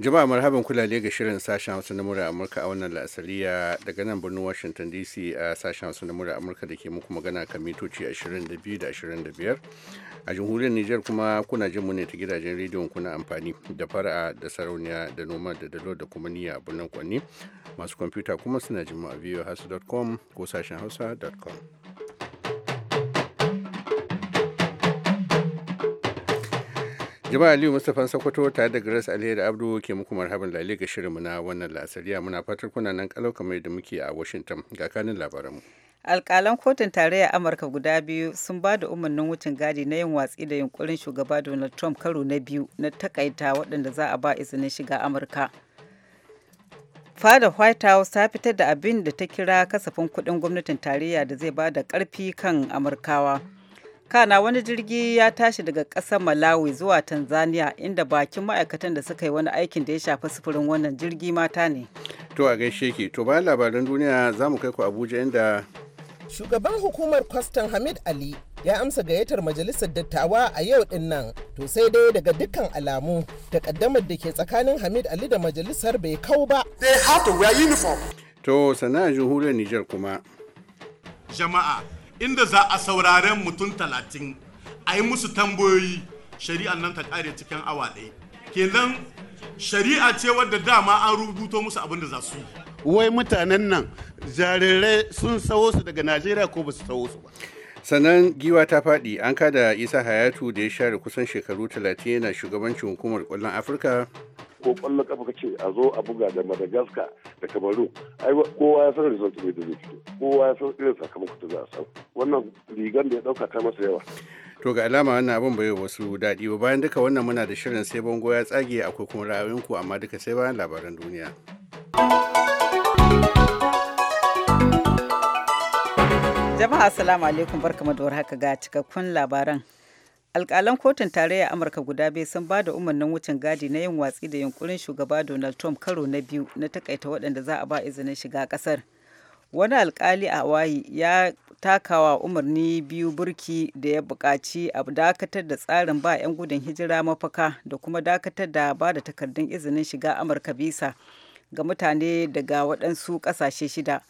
Jama'a marhaban kulale ga shirin sashen Hausa na murar Amurka a wannan la'asariya daga nan birnin Washington DC a sashen Hausa na murar Amurka da ke muku magana kan mitoci 22 da 25. A jamhuriyar Nijar kuma kuna jin mu ne ta gidajen rediyon kuna amfani da fara da sarauniya da noma da dalo da kuma niyya a birnin Kwanni. Masu kwamfuta kuma suna jin mu a voahasu.com ko sashen hausa.com. Jama'a Aliyu Mustapha Sokoto tare da Grace Aliyu da Abdu ke muku marhaban lalle ga shirin mu na wannan la'asariya muna fatar kuna nan kalau kamar da muke a Washington ga kanin mu. Alƙalan kotun tarayya Amurka guda biyu sun ba da umarnin wucin gadi na yin watsi da yunkurin shugaba Donald Trump karo na biyu na takaita waɗanda za a ba izinin shiga Amurka. fada white house ta fitar da abin da ta kira kasafin kuɗin gwamnatin tarayya da zai ba da ƙarfi kan amurkawa kana wani jirgi ya tashi daga ƙasar malawi zuwa tanzania inda bakin ma'aikatan da suka yi wani aikin da ya shafi sufurin wannan jirgi mata ne to a gaishe ki to bayan labaran duniya za mu kai ku abuja inda shugaban hukumar kwastan hamid ali ya amsa gayyatar majalisar dattawa a yau din nan to sai dai daga dukkan alamu takaddamar da ke tsakanin hamid ali da majalisar bai kau ba they have to wear uniform to sana'a jihuriyar niger kuma jama'a inda za a sauraren mutum talatin a yi musu tambayoyi shari'a nan ta kare cikin awa ɗaya kenan shari'a ce wadda dama an rubuto musu abin da za su yi wai mutanen nan jarirai sun sawo su daga najeriya ko ba su sawo su ba sannan giwa ta faɗi an kada isa hayatu da ya share kusan shekaru 30 yana shugabancin hukumar kwallon afirka ko kwallo kafa kace a zo a buga da Madagascar da kamaru ai kowa ya san result mai da zai kowa ya san irin sakamakon da za a samu wannan rigar da ya dauka ta masa yawa to ga alama wannan abin bai wasu dadi ba bayan duka wannan muna da shirin sai bango ya tsage akwai kuma ra'ayoyinku amma duka sai bayan labaran duniya jama'a assalamu alaikum barkamu da warhaka ga cikakkun labaran alkalan kotun tarayya amurka guda biyu sun ba da umarnin wucin gadi na yin watsi da yunkurin shugaba donald trump karo na biyu na takaita waɗanda za a ba izinin shiga ƙasar wani alkali a hawaii ya takawa umarni biyu burki da ya buƙaci a dakatar da tsarin ba 'yan gudun hijira mafaka da kuma dakatar da ba da takardun izinin shiga amurka bisa ga mutane daga waɗansu ƙasashe shida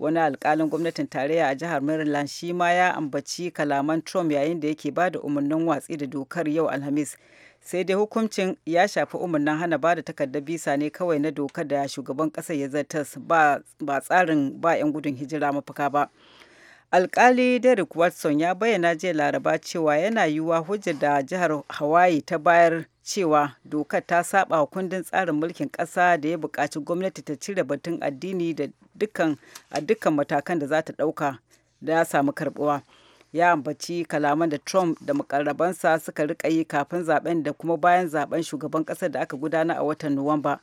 wani alkalin gwamnatin tarayya a jihar maryland shi ma ya ambaci kalaman trump yayin da yake ba da umarnin watsi da dokar yau alhamis sai dai hukuncin ya shafi umarnin hana ba da takardar bisa ne kawai na dokar da shugaban kasar ya zartas ba tsarin ba 'yan gudun hijira mafaka ba alkali derek watson ya bayyana jiya laraba cewa yana yiwuwa hujjar da jihar hawaii ta bayar cewa dokar ta saba wa kundin tsarin mulkin ƙasa da ya buƙaci gwamnati ta cire batun addini da dukkan a dukkan matakan da za ta ɗauka da ya samu karbuwa ya ambaci kalaman da trump da mukarrabansa suka rika yi kafin zaben da kuma bayan zaben shugaban ƙasar da aka gudana a watan nuwamba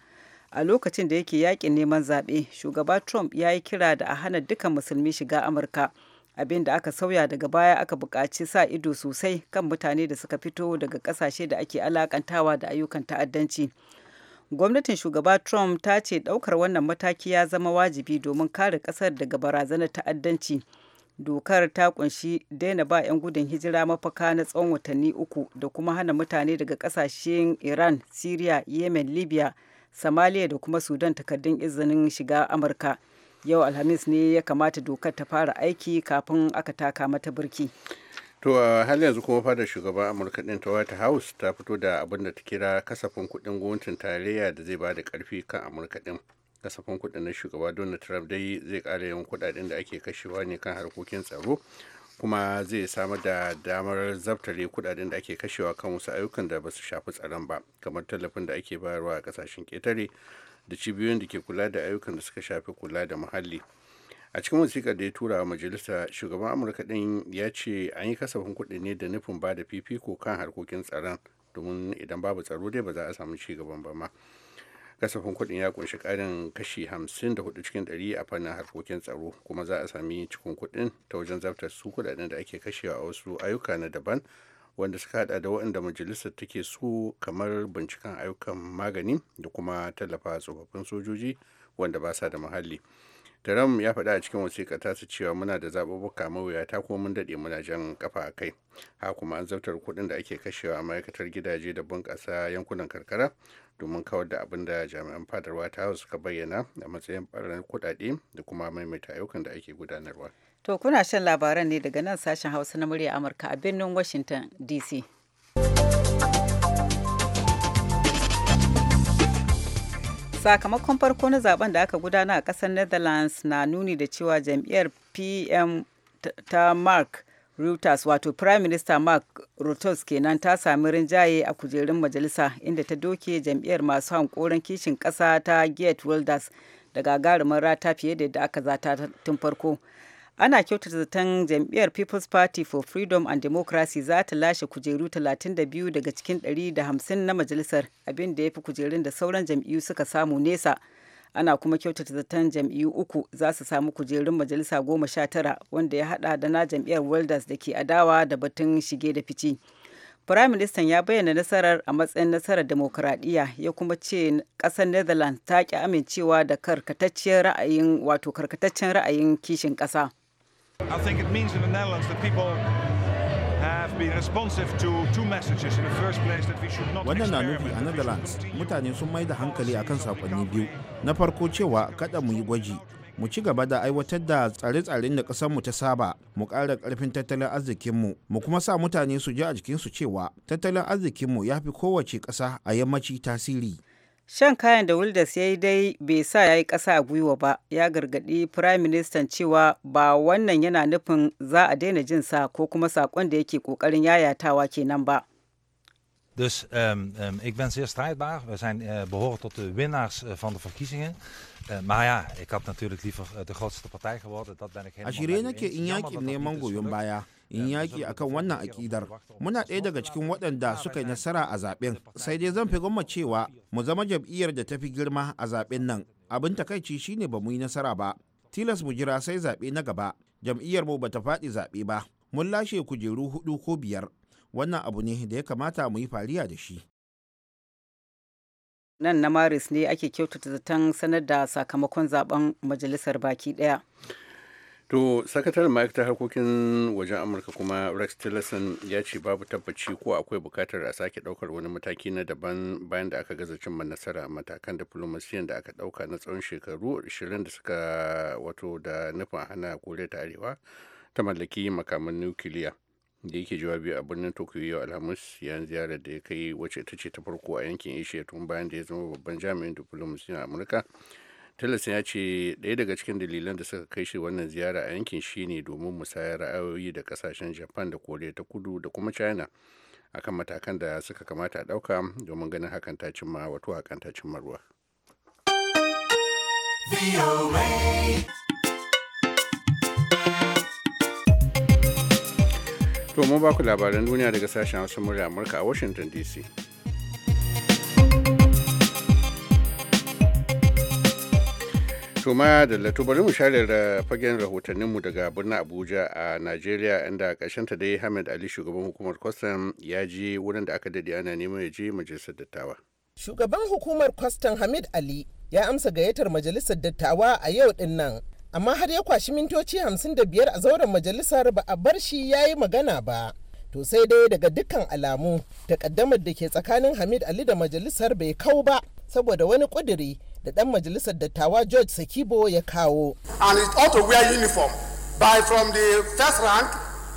a lokacin da yake yakin neman zaɓe shugaba trump ya yi kira da a hana dukkan musulmi shiga amurka abin da aka sauya daga baya aka buƙaci sa ido sosai kan mutane da suka fito daga ƙasashe da ake alakantawa da ayyukan ta'addanci gwamnatin shugaba trump ta ce ɗaukar wannan mataki ya zama wajibi domin kare ƙasar daga barazanar ta'addanci dokar ta kunshi daina ba 'yan gudun hijira mafaka na tsawon watanni uku da kuma hana mutane daga ƙasashen iran syria yemen libya somalia da kuma sudan takardun izinin shiga amurka yau alhamis ne ya kamata dokar ta fara aiki kafin aka taka mata birki to a hali yanzu kuma fadar shugaban amurka din ta white house ta fito da abin da ta kira kasafin kuɗin gwamnatin tarayya da zai ba da karfi kan amurka din kasafin kuɗin na shugaba donald trump dai zai kara yawan kuɗaɗen da ake kashewa ne kan harkokin tsaro kuma zai samar da damar zabtare kudaden da ake kashewa kan wasu ayyukan da ba su shafi tsaron ba kamar tallafin da ake bayarwa a kasashen ketare da cibiyoyin da ke kula da ayyukan da suka shafi kula da muhalli a cikin wasiƙar da ya tura wa majalisa shugaban amurka ɗin ya ce an yi kasafin kuɗi ne da nufin ba da fifiko kan harkokin tsaron domin idan babu tsaro dai ba za a samu ci gaban ba ma kasafin kuɗin ya kunshi ƙarin kashi hamsin da hudu cikin ɗari a fannin harkokin tsaro kuma za a sami cikin kuɗin ta wajen zartar su kuɗaɗen da ake kashewa a wasu ayyuka na daban wanda suka hada da waɗanda majalisar take so kamar binciken ayyukan magani da kuma tallafa tsofaffin sojoji wanda ba sa da muhalli taram ya faɗa a cikin wasiƙa ta su cewa muna da zaɓuɓɓuka mawuyata kuma mun daɗe muna jan kafa a kai. Ha kuma an zartar kuɗin da ake kashewa a ma'aikatar gidaje da bunƙasa yankunan karkara domin kawar da abin da jami'an fadarwa ta hau suka bayyana a matsayin ɓarnar kuɗaɗe da kuma maimaita ayyukan da ake gudanarwa. To kuna shan labaran ne daga nan sashen Hausa na murya Amurka a birnin Washington DC. Sakamakon farko na zaben da aka gudana a ƙasar Netherlands na nuni da cewa jam'iyyar PM ta Mark Reuters wato Prime Minister Mark Rutus kenan ta sami rinjaye a kujerun majalisa inda ta doke jam'iyyar masu hankoron kishin ƙasa ta Geert Wilders da gagarumin rata fiye da yadda aka zata tun farko. ana kyautata zaton jam'iyyar people's party for freedom and democracy za ta lashe kujeru 32 daga cikin 150 na majalisar abin da ya fi kujerun da sauran jam'iyyu suka samu nesa ana kuma kyautata zaton jam'iyyu uku za su samu kujerun majalisa goma sha tara wanda ya hada da na jam'iyyar welders da ke adawa da batun shige da fici Firaministan ya bayyana nasarar a matsayin nasarar demokuraɗiyya ya kuma ce ƙasar Netherlands ta ki amincewa da karkataccen ra'ayin wato karkataccen ra'ayin kishin ƙasa. I think it means in the Netherlands that people have been responsive to two messages in the first place that we should not Wannan na nufi a Netherlands mutane sun mai da hankali akan sakonni biyu. Na farko cewa kada mu yi gwaji mu ci gaba da aiwatar da tsare-tsaren da mu ta saba mu ƙara ƙarfin tattalin arzikinmu mu kuma sa mutane su ji a su cewa tattalin arzikinmu ya fi kowace ƙasa a yammaci tasiri Shan kayan da Wilders ya yi dai bai sa ya yi ƙasa a gwiwa ba, ya gargadi prime minister cewa ba wannan yana nufin za a daina jin sa ko kuma sakon da yake ƙoƙarin yayatawa kenan ba. Dus um, um, ik ben zeer strijdbaar. We zijn uh, behoren tot de winnaars eh, van de verkiezingen. Uh, maar ja, ik had natuurlijk liever de grootste partij geworden. Dat ben ik helemaal niet Als eens. je dat dat niet is ja. in yaki akan wannan akidar muna ɗaya daga cikin waɗanda suka yi nasara a zaɓen sai dai zan fi goma cewa mu zama jam'iyyar da ta fi girma a zaɓen nan abin takaici shine ba mu yi nasara ba tilas mu jira sai zaɓe na gaba jam'iyyar mu bata faɗi zaɓe ba mun lashe kujeru hudu ko biyar wannan abu ne da ya kamata mu yi fariya da shi nan na maris ne ake kyautata zaton sanar da sakamakon zaben majalisar baki ɗaya To, sakataren ma'aikatar harkokin wajen Amurka kuma Rex Tillerson ya ce babu tabbaci ko akwai bukatar a sake daukar wani mataki na daban bayan da aka gaza ma nasara matakan diflomasiyan da aka dauka na tsawon shekaru 20 da suka wato da nufin hana koriya ta arewa ta mallaki makaman nukiliya. da yake jawabi a birnin tokyo yau alhamis yan ziyarar da ya kai wace ita ce ta farko a yankin asia tun bayan da ya zama babban jami'in diflomasiyan amurka tillerson ya ce ɗaya daga cikin dalilan da suka kai shi wannan ziyara a yankin shine domin musayar ra'ayoyi da kasashen japan da koriya ta kudu da kuma china akan matakan da suka kamata a ɗauka domin ganin hakan ta cimma wato hakan ta cimma ruwa To mun ba ku labaran duniya daga sashen Hausa murya Amurka a Washington DC. suma ma da lato bari mu share da fagen rahotanninmu daga birnin abuja a nigeria inda ta dai hamid ali shugaban hukumar kwastam ya je wurin da aka dade ana neman ya je majalisar dattawa shugaban hukumar kwastam hamid ali ya amsa gayyatar majalisar dattawa a yau din nan amma har ya kwashi mintoci hamsin da biyar a zauren majalisar ba a bar shi ya yi magana ba to sai dai daga dukkan alamu takaddamar da ke tsakanin hamid ali da majalisar bai kau ba saboda wani ƙudiri da ɗan majalisar dattawa George Sakibo ya kawo. And it ought to wear uniform by from the first rank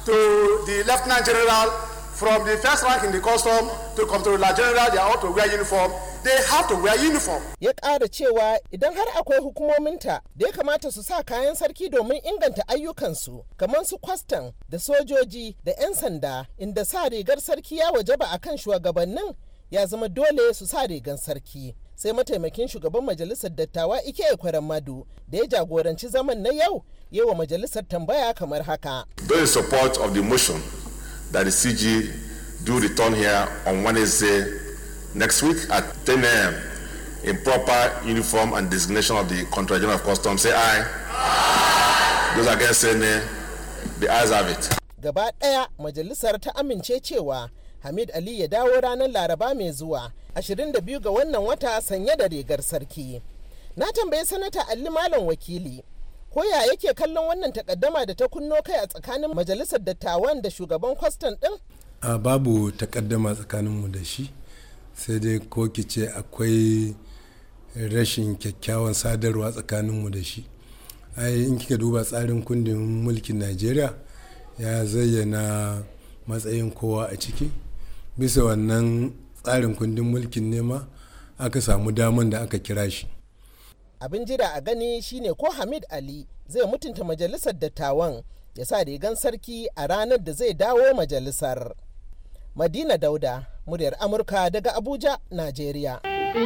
to the lieutenant general from the first rank in the custom to comptroller general they ought to wear uniform they have to wear uniform. Ya ƙara cewa idan har akwai hukumominta da ya kamata su sa kayan sarki domin inganta ayyukansu kamar su kwastan da sojoji da 'yan sanda inda sa rigar sarki ya wajaba akan shugabannin ya zama dole su sa rigar sarki. sai mataimakin shugaban majalisar dattawa ike kwaren madu da ya jagoranci zaman na yau yi wa majalisar tambaya kamar haka. Though support of the motion that the CG do return here on Wednesday next week at 10 a.m. in proper uniform and designation of the Contra General of Customs, say aye. aye. Those against say nay. The eyes have it. Gaba ɗaya majalisar ta amince cewa Hamid Ali ya dawo ranar Laraba mai zuwa 22 ga wannan wata sanye da rigar sarki. Na tambayi sanata alli Malam wakili ko ya yake kallon wannan takaddama da ta kunno kai a tsakanin majalisar dattawan da shugaban kwastan din? A babu takaddama tsakaninmu da shi sai dai ko ki ce akwai rashin kyakkyawan sadarwa tsakaninmu da shi. ai in kika duba tsarin kundin mulkin najeriya ya zayyana matsayin kowa a ciki bisa wannan tsarin kundin mulkin nema aka samu daman da aka kira shi abin jira a gani shine ko hamid ali zai mutunta majalisar dattawan ya sa rigan sarki a ranar da zai dawo majalisar madina dauda muryar amurka daga abuja najeriya To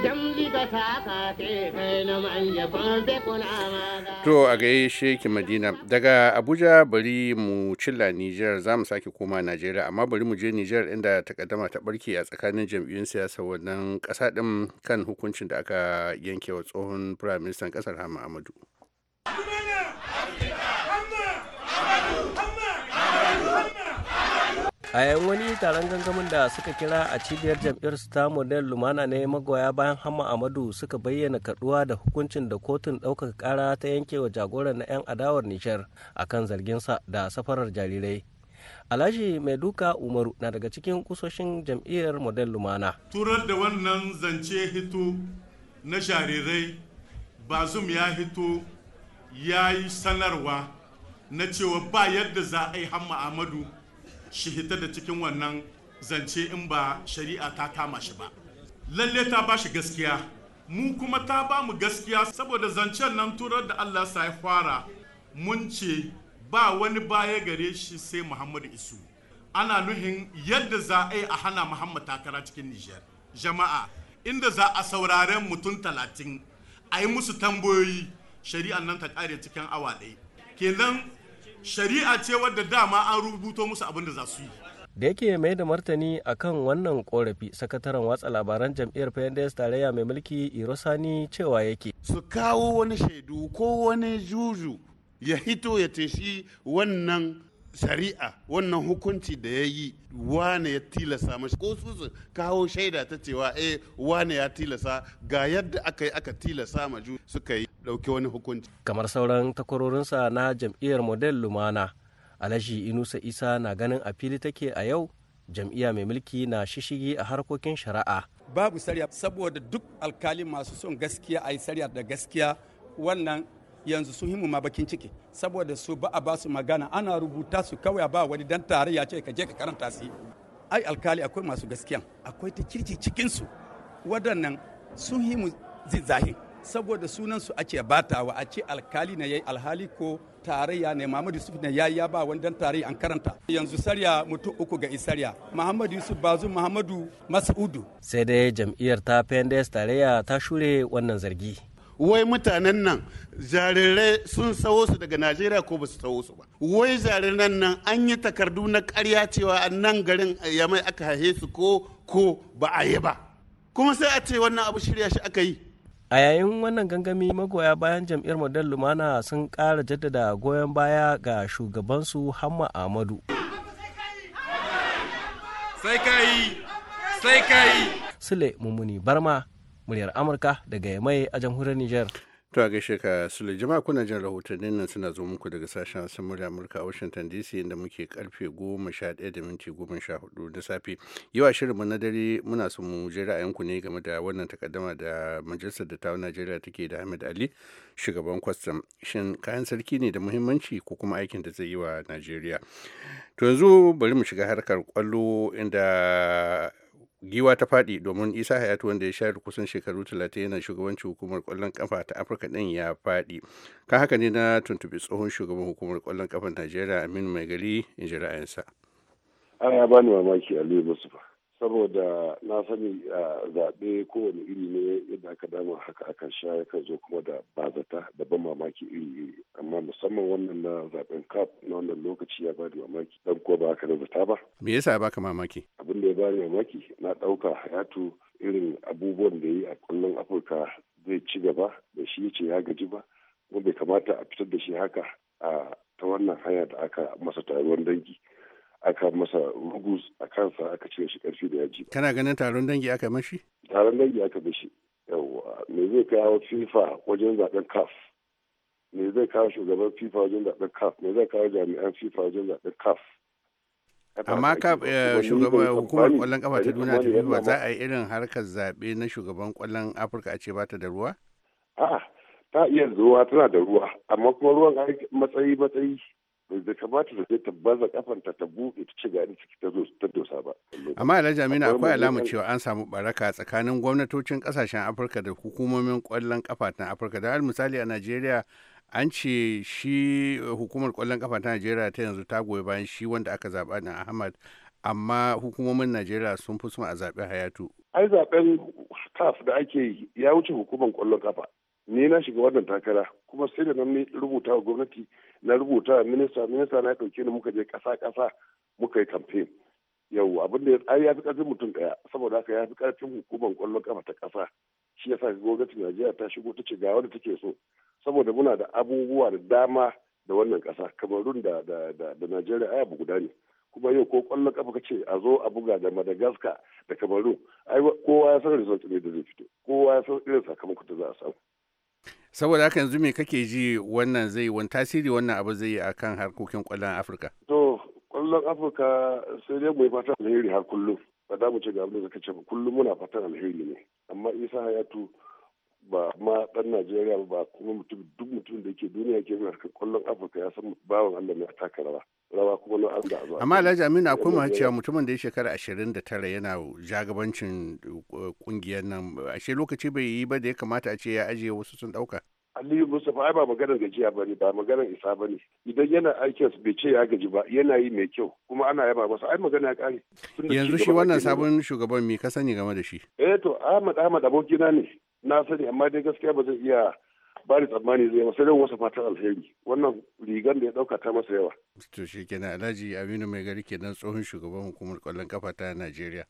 a gaishe Madina daga Abuja bari mu cilla Nijar za mu sake koma Najeriya amma bari mu je Nijar inda takaddama ta barke a tsakanin jam'iyyun siyasa wannan kasa din kan hukuncin da aka yanke wa tsohon firaministan Ministan kasar Hama a yayin wani taron gangamin da suka kira a cibiyar jam'iyyar su ta model lumana ne magoya bayan hamma amadu suka bayyana kaduwa da hukuncin da kotun ɗaukaka kara ta yanke wa jagoran na 'yan adawar nishar a akan zarginsa da safarar jarirai alhaji mai duka umaru na daga cikin kusoshin jam'iyyar model lumana turar da wannan zance hito na jarirai bazum ya hito ya yi sanarwa na cewa ba yadda za a yi hamma amadu shi da cikin wannan zance in ba shari'a ta kama shi ba lalle ta ba shi gaskiya mu kuma ta ba mu gaskiya saboda zancen nan turar da allah sa ya fara mun ce ba wani baya gare shi sai muhammadu isu ana nuhin yadda za a yi a hana muhammad takara cikin nijar jama'a inda za a sauraren mutum talatin a yi musu tambayoyi shari'an nan ta kare cikin awa ɗaya kenan shari'a ce wadda dama an rubuto musu abin da za su yi da yake mai da martani akan wannan korafi sakataren watsa labaran jam'iyyar pnds tarayya mai mulki irosani cewa yake su kawo wani shaidu ko wani juju ya hito ya teshi wannan shari'a wannan hukunci da ya yi wane ya tilasa mashi ko su kawo shaida ta cewa eh wane ya tilasa ga yadda aka yi aka tilasa ma ju suka yi dauke wani hukunci kamar sauran takwarorinsa na jam'iyyar model lumana alhaji inusa isa na ganin a fili take a yau jam'iyya mai mulki na shishigi a harkokin shari'a babu sariya saboda duk alkali masu son gaskiya a yi sariya da gaskiya wannan yanzu sun himu ma bakin ciki saboda su ba a ba su magana ana rubuta su kawai a ba wani dan tarayya ce ka je ka karanta su ai alkali akwai masu gaskiya akwai ta kirki cikin su waɗannan sun himu zizahi saboda sunan su ake batawa a ce alkali na yayi alhali ko tarayya ne Muhammadu Yusuf ne yayi ya ba wani dan tarayya an karanta yanzu sarya mutum uku ga isarya Muhammadu Yusuf bazu Muhammadu Mas'udu sai dai jam'iyyar ta PNDS tarayya ta shure wannan zargi wai mutanen nan jarirai sun sawo su daga najeriya ko ba su sawo su ba wai jariran nan an yi takardu na karya cewa a nan garin yamai aka haihe su ko ko ba a yi ba kuma sai a ce wannan abu shirya shi aka yi a yayin wannan gangami magoya bayan jam'iyyar model lumana sun ƙara jaddada goyon baya ga shugabansu hamma ahmadu sai kai sai kai sule mummuni barma muryar amurka daga yamai a jamhuriyar niger to a gaishe ka sule jama'a kuna jin rahotannin nan suna zo muku daga sashen hassan murya amurka a washington dc inda muke karfe goma sha daya da minti goma sha hudu da safe yau a shirinmu na dare muna son mu je ra'ayinku ne game da wannan takaddama da majalisar da dattawan najeriya take da ahmed ali shugaban kwastam shin kayan sarki ne da muhimmanci ko kuma aikin da zai yi wa najeriya to yanzu bari mu shiga harkar kwallo inda giwa ta faɗi domin isa hayatu wanda ya share kusan shekaru 30 yana shugabancin hukumar kwallon kafa ta afirka din ya faɗi kan haka ne na tuntubi tsohon shugaban hukumar kwallon kafar najeriya aminu mai gari in ji ra'ayinsa ya bani mamaki aliyu musufa saboda na sani a zaɓe kowane iri ne yadda aka dama haka akan sha yakan zo kuma da bazata da ban mamaki iri iri amma musamman wannan na zaɓen kaf na wannan lokaci ya bada mamaki dan kuwa ba aka zata ba me yasa ya baka mamaki abin da ya bada mamaki na ɗauka hayatu irin abubuwan da ya yi a kullum afirka zai ci gaba da shi ce ya gaji ba kuma bai kamata a fitar da shi haka a ta wannan hanya da aka masa taruwan dangi aka masa rugus a kansa aka cire shi karfi da yaji kana ganin taron dangi aka mashi taron dangi aka mashi yawwa me zai kawo fifa wajen zaben caf me zai kawo shugaban fifa wajen zaben caf me zai kawo jami'an fifa wajen zaben caf amma ka eh, shugaban eh, hukumar kwallon kafa ta duniya ta ba za a yi irin harkar zaɓe na shugaban kwallon afirka a ce ba ta da ruwa a'a ta iya zuwa tana da ruwa amma kuma ruwan matsayi matsayi bai kamata da zai ta baza kafanta ta buɗe ta ci gari ciki ta zo ta dosa ba. Amma Alhaji Aminu akwai alamu cewa an samu baraka tsakanin gwamnatocin kasashen Afirka da hukumomin kwallon kafa ta Afirka. Da misali a Najeriya an ce shi eh, hukumar kwallon kafa ta Najeriya ta yanzu ta goyi bayan shi wanda aka zaɓa na Ahmad amma hukumomin Najeriya sun fi son a zaɓi Hayatu. Ai zaɓen staff da ake yi ya wuce hukumar kwallon kafa. ni na shiga wannan takara kuma sai da nan rubuta wa gwamnati na rubuta wa minista minista na ɗauke ni muka je ƙasa ƙasa muka yi kamfen yau abin da ya fi ƙarfin mutum ɗaya saboda haka ya fi ƙarfin hukumar ƙwallon kafa ta ƙasa shi yasa gwamnatin Najeriya ta shigo ta ce ga wanda take so saboda muna da abubuwa da dama da wannan ƙasa kamarun da da da, da Najeriya ai abu guda ne kuma yau ko ƙwallon kafa kace a zo a buga da Madagascar da Kamarun ai kowa ya san result ne da zai fito kowa ya san irin sakamakon da za a samu saboda haka yanzu me kake ji wannan zai wani tasiri wannan abu zai yi a kan harkokin kwallon afirka to kwallon afirka sai dai mai fatan alheri har kullum ba za mu ce ga abin da kace ba kullum muna fatan alheri ne amma isa hayatu ba ma dan najeriya ba kuma mutum duk mutum da yake duniya ke harkar kwallon afirka ya san bawan allah ne a taka rawa rawa kuma na an amma alhaji aminu akwai masu cewa mutumin da ya shekara ashirin da tara yana jagabancin kungiyar eh, nan ashe lokaci bai yi ba da ya kamata a ce ya ajiye wasu sun ɗauka. Aliyu Mustapha ai ba maganar gajiya ba ne ba maganar isa ba ne idan yana aikin su bai ce ya gaji ba yana yi mai kyau kuma ana yaba masa ai magana ya kare yanzu shi wannan sabon shugaban me ka sani game da shi eh to Ahmad Ahmad abokina ne na sani amma dai gaskiya ba zan iya ba tsammani zai masa yau wasu fatan alheri wannan rigar da ya dauka ta masa yawa to shi kenan alhaji aminu mai gari kenan tsohon shugaban hukumar kwallon kafa ta najeriya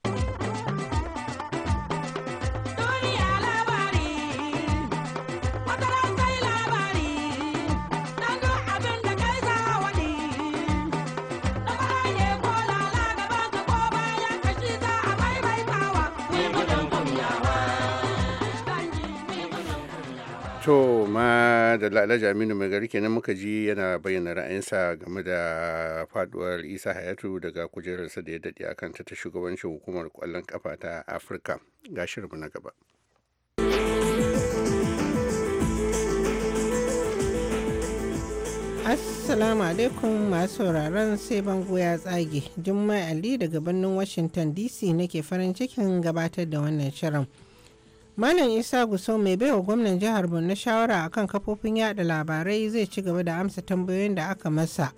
amma da la'alaja aminu mai gari kenan muka ji yana bayyana ra'ayinsa game da faduwar isa hayatu daga kujerarsa da ya daɗe akan ta ta shugabancin hukumar kwallon kafa ta afirka ga shirinmu na gaba Assalamu alaikum masu sauraron sai bango ya tsage. juma'a Ali daga birnin Washington DC nake farin cikin gabatar da wannan shirin. Malam Isa Gusau mai baiwa gwamnan jihar Borno shawara akan kafofin yada labarai zai ci gaba da amsa tambayoyin da aka masa.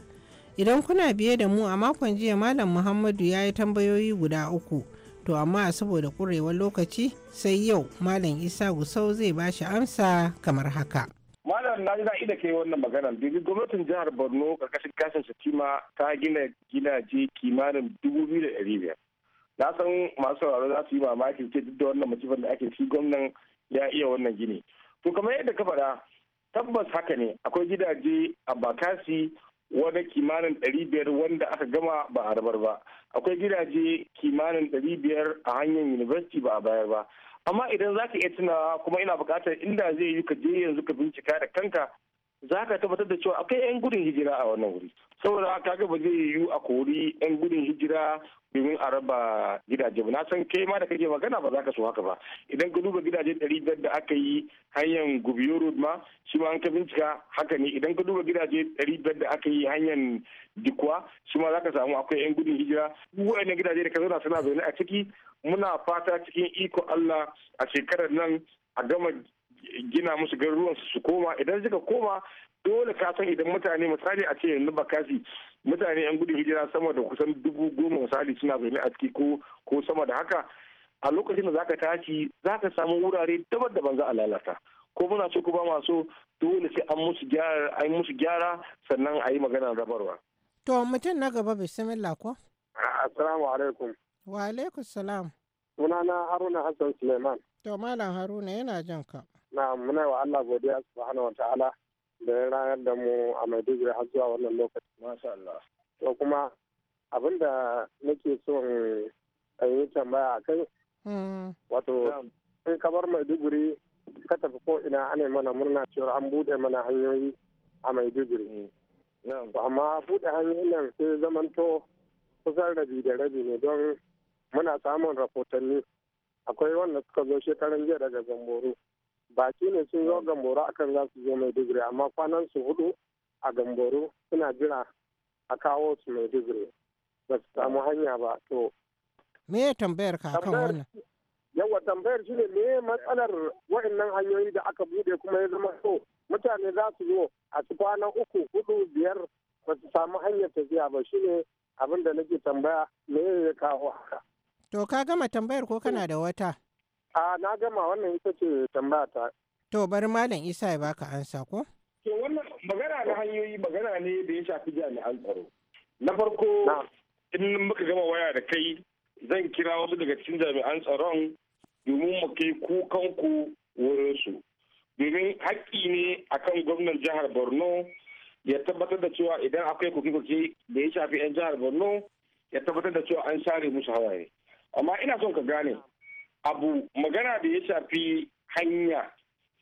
Idan kuna biye da mu a makon jiya Malam Muhammadu ya yi tambayoyi guda uku. To amma saboda kurewar lokaci sai yau Malam Isa Gusau zai ba shi amsa kamar haka. malam na ji da kai wannan magana domin gwamnatin jihar borno karkashin kasar shatima ta gina gidaje kimanin dubu biyu da ɗari biyar na san masu sauraro za su yi mamaki ce duk da wannan masifar da ake shi gwamnan ya iya wannan gini to kamar yadda ka faɗa tabbas haka ne akwai gidaje a bakasi wani kimanin ɗari biyar wanda aka gama ba a rabar ba akwai gidaje kimanin ɗari biyar a hanyar university ba a bayar ba amma idan za ka iya tunawa kuma ina bukatar inda zai yi ka je yanzu ka bincika da kanka za ka tabbatar da cewa akwai 'yan gudun hijira a wannan wuri saboda haka ga ba zai yiwu a kori 'yan gudun hijira domin a raba gidaje ba na san kai ma da kake magana ba za ka so haka ba idan ka duba gidaje ɗari biyar da aka yi hanyar gubiyo road ma shi ma an ka bincika haka ne idan ka duba gidaje ɗari biyar da aka yi hanyar dikwa shi ma za ka samu akwai 'yan gudun hijira wa'annan gidaje da ka zauna suna zaune a ciki muna fata cikin iko Allah a shekarar nan a gama gina musu garuruwan su koma idan suka koma dole ka san idan mutane misali a ce yanzu bakasi mutane yan gudun hijira sama da kusan dubu goma misali suna zaune a ciki ko sama da haka a lokacin da zaka tashi zaka samu wurare daban-daban za a lalata ko muna so ko ba ma dole sai an musu gyara an musu gyara sannan a yi rabarwa to mutum na gaba bismillah ko assalamu alaikum wa alaikum salam sunana haruna hassan suleiman to malam haruna yana jan ka na muna wa Allah godiya subhanahu wa ta'ala da ya rayar da mu a Maiduguri har zuwa wannan lokaci. Masha Allah. To kuma abin da nake so in yi tambaya a kai. Hmm. Wato in ka bar Maiduguri ka tafi ko ina ana mana murna cewa an buɗe mana hanyoyi a Maiduguri. Hmm. Amma buɗe hanyoyin nan sai zamanto kusan rabi da rabi ne don muna samun rahotanni akwai wanda suka zo shekaran jiya daga Zamboru. baki ne sun zo gamboro akan za su zo maiduguri amma kwanan su hudu a gamboro suna jira a kawo su maiduguri ba su samu hanya ba to me ya tambayar ka akan wannan yawa tambayar shi ne me matsalar wa'annan hanyoyi da aka bude kuma ya zama so mutane za su zo a su kwana uku hudu biyar ba su samu hanyar tafiya ba shi ne abin da nake tambaya me ya kawo haka to ka gama tambayar ko kana da wata A na gama wannan ita ce tambaya ta. To bari Malam Isa ya baka ansa ko? To wannan magana na hanyoyi magana ne da ya shafi jami'an tsaro. Na farko in muka gama waya da kai zan kira wasu daga cikin jami'an tsaron domin mu kai wurin su Domin haƙƙi ne akan gwamnan jihar Borno ya tabbatar da cewa idan akwai kuke-kuke da ya shafi 'yan jihar Borno ya tabbatar da cewa an share musu hawaye. Amma ina son ka gane abu magana da ya shafi hanya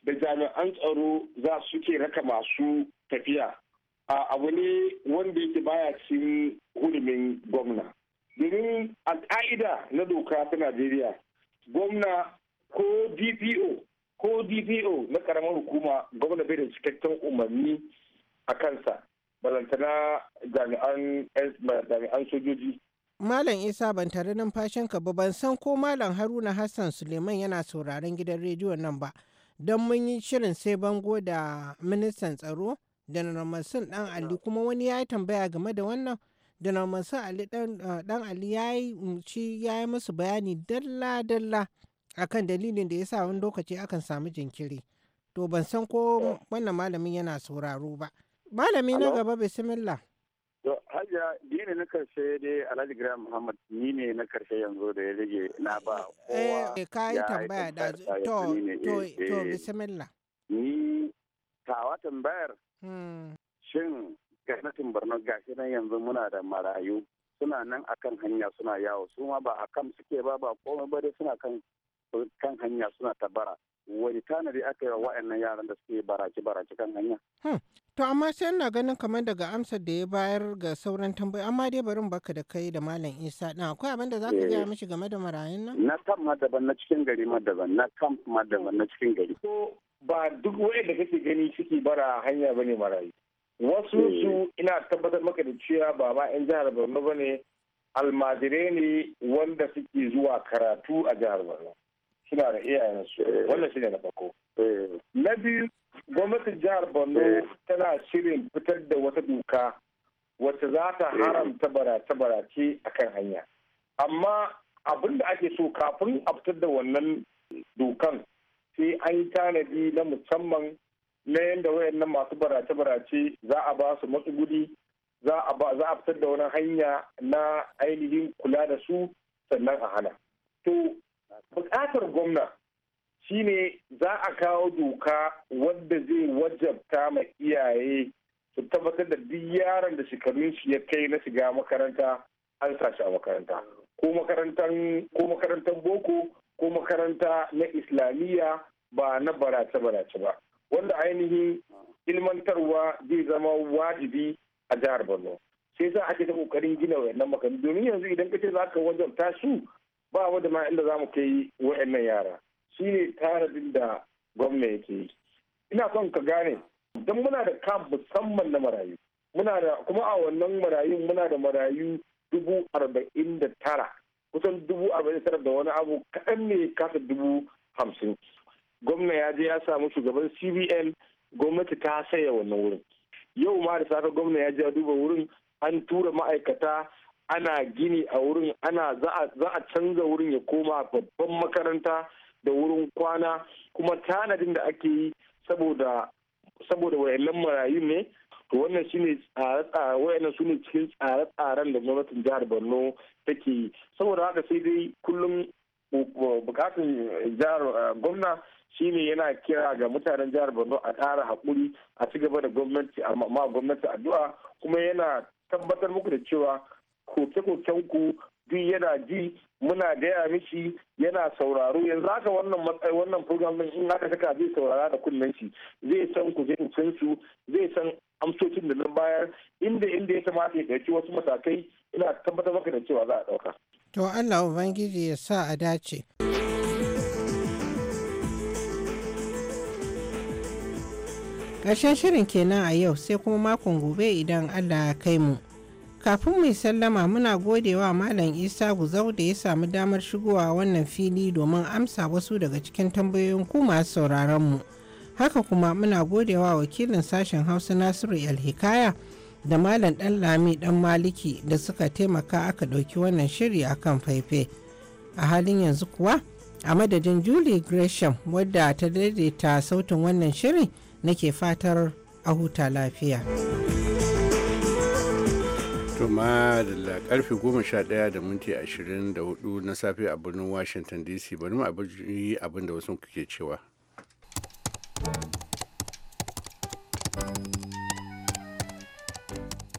da jami'an tsaro za su ke raka masu tafiya a abu ne wanda yake baya cin hulumin gwamna domin a ka'ida na doka ta najeriya gwamna ko dpo ko dpo na karamar hukuma gwamna bai da cikakken umarni a kansa balantana jami'an eh, sojoji Malam Isa ban tare numfashinka ba ban san ko Malam Haruna Hassan Suleiman yana sauraron gidan rediyon nan ba. Don mun yi shirin sai bango da ministan tsaro Janar Mansur Dan Ali kuma wani ya yi tambaya game da wannan Janar Mansur Ali Dan eh, Ali mm, ya yi musu bayani dalla-dalla akan dalilin da ya sa wani lokaci akan samu jinkiri. To ban san ko wannan malamin yana sauraro ba. Malami na gaba bismillah. Hajiya ni na karshe dai Alhaji Graham Muhammad ni ne na karshe yanzu da ya rage na ba kowa. Eh yi tambaya da to to eh, to eh. bismillah. Ni tawa tambayar. Hmm. Shin gwamnatin Borno gashi nan yanzu muna da marayu suna nan akan hanya suna yawo su ma ba a suke ba ba komai ba dai suna kan kan hanya suna ta bara wani tanadi aka yi wa wa'annan yaran da suke barace barace kan hanya. Hmm. to amma sai ina ganin kamar daga amsar da ya bayar ga sauran tambayi amma dai barin baka da kai da malam isa ɗin akwai abin da za ka gaya eh. mishi game da marayun nan. na kan ma na cikin gari ma na kan ma na cikin gari. ba duk da kake gani ciki bara hanya bane marayu. wasu eh. su ina tabbatar maka da cewa ba ma 'yan jihar borno ba ne almajirai ne wanda suke zuwa karatu a jihar borno suna da iyayensu eh. wannan shine na farko eh. na biyu gwamnatin jihar borno eh. tana shirin fitar da wata doka wacce za ta haramta barace-barace a kan hanya amma abin da ake so kafin a fitar da wannan dokan sai an yi tanadi na musamman na yadda wayannan masu barace-barace za a ba su matsuguni za a fitar da wani hanya na ainihin kula da su sannan a hana to bukatar gwamna shine za a kawo doka wadda zai wajabta ma iyaye su tabbatar da duk yaron da shekarun shi ya kai na shiga makaranta an sa a makaranta ko makarantar boko ko makaranta na islamiyya ba na barace barace ba wanda ainihin ilmantarwa zai zama wajibi a jihar borno sai za a ke ta kokarin gina wayannan makarantu domin yanzu idan ka ce za ka wajabta su ba mu da ma inda za mu kai wa'annan yara shi ne tanadin da gwamna yake yi ina son ka gane don muna da kam musamman na marayu kuma a wannan marayun muna da marayu dubu arba'in da tara kusan dubu arba'in tara da wani abu kaɗan ne kasa dubu hamsin gwamna ya je ya samu shugaban cbn gwamnati ta saya wannan wurin yau ma da safe gwamna ya je duba wurin an tura ma'aikata ana gini a wurin ana za a canza wurin ya koma babban makaranta da wurin kwana kuma tanadin da ake yi saboda saboda wayannan marayu ne to wannan shine tsare wayannan su ne cikin tsare-tsaren da gwamnatin jihar Borno take yi saboda haka sai dai kullum bukatun jihar eh, gwamna shine yana kira ga mutanen jihar Borno a ƙara hakuri a cigaba da gwamnati amma gwamnati addu'a kuma yana tabbatar muku da cewa koke-koken ku duk yana ji muna gaya mishi yana sauraro yanzu haka wannan matsayi wannan program din in haka saka zai saurara da kunnen shi zai san kujerin su zai san amsocin da nan bayar inda inda ya kamata ya ɗauki wasu matakai ina tabbatar maka da cewa za a ɗauka. to allah ubangiji ya sa a dace. ƙarshen shirin kenan a yau sai kuma makon gobe idan allah ya kai mu. Kafin mai sallama muna godewa Malam Isa Guzau da ya samu damar shigowa wannan fili domin amsa wasu daga cikin tambayoyin ku masu sauraronmu. Haka kuma muna godewa wakilin sashen Hausa Nasiru Hikaya da Malam Dan Lami Dan Maliki da suka taimaka aka ɗauki wannan shiri a kan faife. A halin yanzu kuwa a madadin Julie Gresham wadda ta daidaita sautin wannan shiri, nake fatar a huta lafiya. To ma da karfe ɗaya da minti 24 na safe a birnin Washington DC bari mu abin da wasu kuke cewa.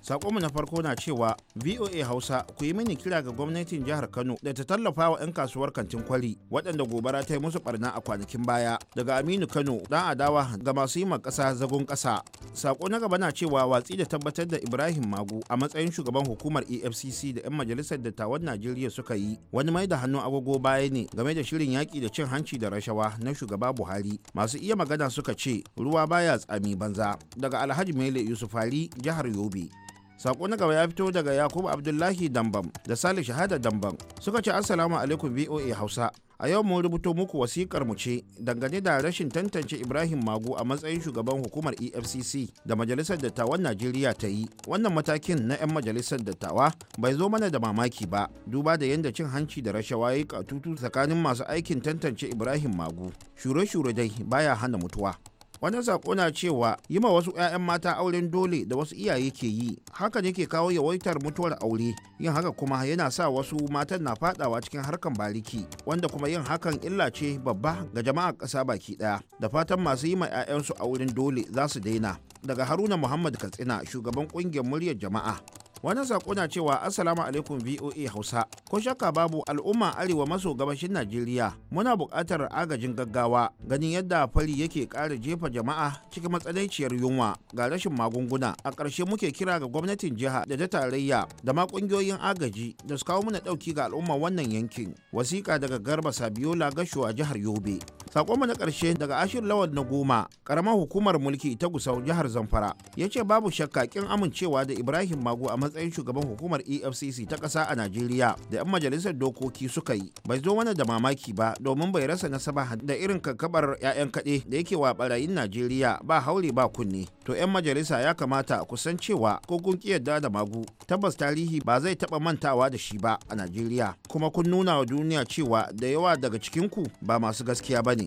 Sakonmu na farko na cewa VOA Hausa ku yi mini kira ga gwamnatin jihar Kano da ta tallafa wa 'yan kasuwar kantin kwali waɗanda gobara ta yi musu barna a kwanakin baya daga Aminu Kano dan adawa ga masu yi ƙasa zagon ƙasa. Sako na gaba na cewa watsi da tabbatar da Ibrahim Magu a matsayin shugaban hukumar EFCC da 'yan majalisar dattawan Najeriya suka yi wani mai da hannu agogo baya ne game da shirin yaƙi da cin hanci da rashawa na shugaba Buhari. Masu iya magana suka ce ruwa baya tsami banza daga Alhaji Mele ali jihar Yobe. sako na gaba ya fito daga yakubu abdullahi dambam da salih shahada dambam suka ce assalamu alaikum voa hausa a yau mun rubuto muku wasikar mu ce dangane da rashin tantance ibrahim magu a matsayin shugaban hukumar efcc da majalisar dattawan najeriya ta yi wannan matakin na 'yan majalisar dattawa bai zo mana da mamaki ba duba da yadda cin hanci da rashawa ya yi katutu tsakanin masu aikin tantance ibrahim magu shure-shure dai baya hana mutuwa wannan sako na cewa yi ma wasu 'ya'yan mata auren dole da wasu iyaye ke yi hakan ke kawo yawaitar mutuwar aure yin haka kuma yana sa wasu matan na fadawa cikin harkan bariki wanda kuma yin hakan illa ce babba ga jama'a ƙasa baki ɗaya da fatan masu yi ma 'ya'yansu auren dole za su daina daga haruna muhammad katsina shugaban ƙungiyar muryar jama'a wannan sako na cewa assalamu alaikum voa hausa ko shakka babu al'umma arewa maso gabashin najeriya muna buƙatar agajin gaggawa ganin yadda fari yake ƙara jefa jama'a cikin matsananciyar yunwa ga rashin magunguna a ƙarshe muke kira ga gwamnatin jiha da ta tarayya da ma ƙungiyoyin agaji da su kawo mana ɗauki ga al'umma wannan yankin wasiƙa daga garba sabiola gashuwa jihar yobe Sakonmu na ƙarshe daga Ashir Lawal na goma, ƙaramar hukumar mulki ta Gusau jihar Zamfara, ya ce babu shakka kin amincewa da Ibrahim Mago a matsayin shugaban hukumar EFCC ta ƙasa a Najeriya da 'yan majalisar dokoki suka yi. Bai zo wani da mamaki ba domin bai rasa nasaba da irin kakkabar 'ya'yan kaɗe da yake wa barayin Najeriya ba haure ba kunne. To 'yan majalisa ya kamata ku san cewa ko kun yadda da Mago tabbas tarihi ba zai taɓa mantawa da shi ba a Najeriya. Kuma kun nuna wa duniya cewa da yawa daga cikinku ba masu gaskiya ba ne.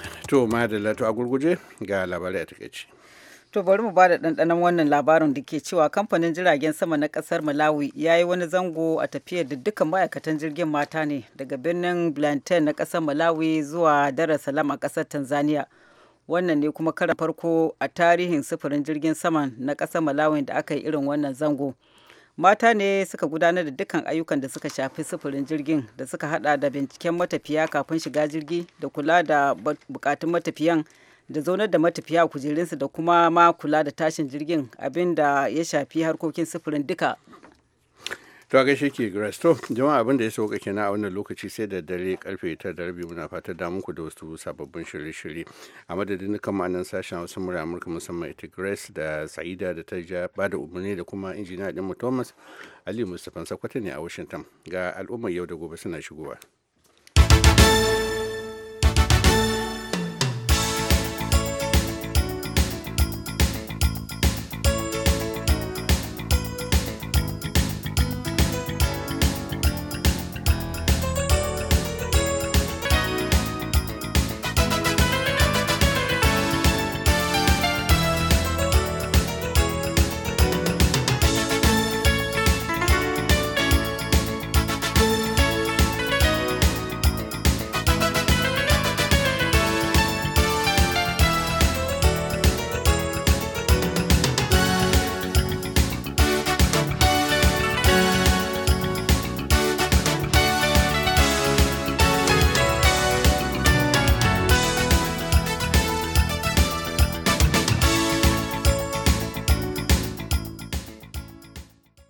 alheri to madalla to a gurguje ga labarai a To bari mu bada ɗanɗanon wannan labarin da ke cewa kamfanin jiragen sama na ƙasar Malawi ya yi wani zango a tafiyar da dukkan ma'aikatan jirgin mata ne daga birnin Blantyre na ƙasar Malawi zuwa Dar es Salaam a ƙasar Tanzania. Wannan ne kuma karan farko a tarihin sufurin jirgin sama na ƙasar Malawi da aka yi irin wannan zango. mata ne suka gudanar da dukkan ayyukan da suka shafi sufurin jirgin da suka hada da binciken matafiya kafin shiga jirgi da kula da bukatun matafiyan da zaunar da matafiya kujerinsu da kuma ma kula da tashin jirgin abin da ya shafi harkokin sufurin duka to gaishe ke grace to jama'a abinda ya sauka kenan a wannan lokaci sai da dare karfe ta da rabi muna fata da muku da wasu sababbin shirye-shirye a madadin kan ma'anan sashen wasu mura amurka musamman ita grace da sa'ida da ta ja da umarni da kuma injiniya dinmu thomas ali mustapha sakwata ne a washington ga al'ummar yau da gobe suna shigowa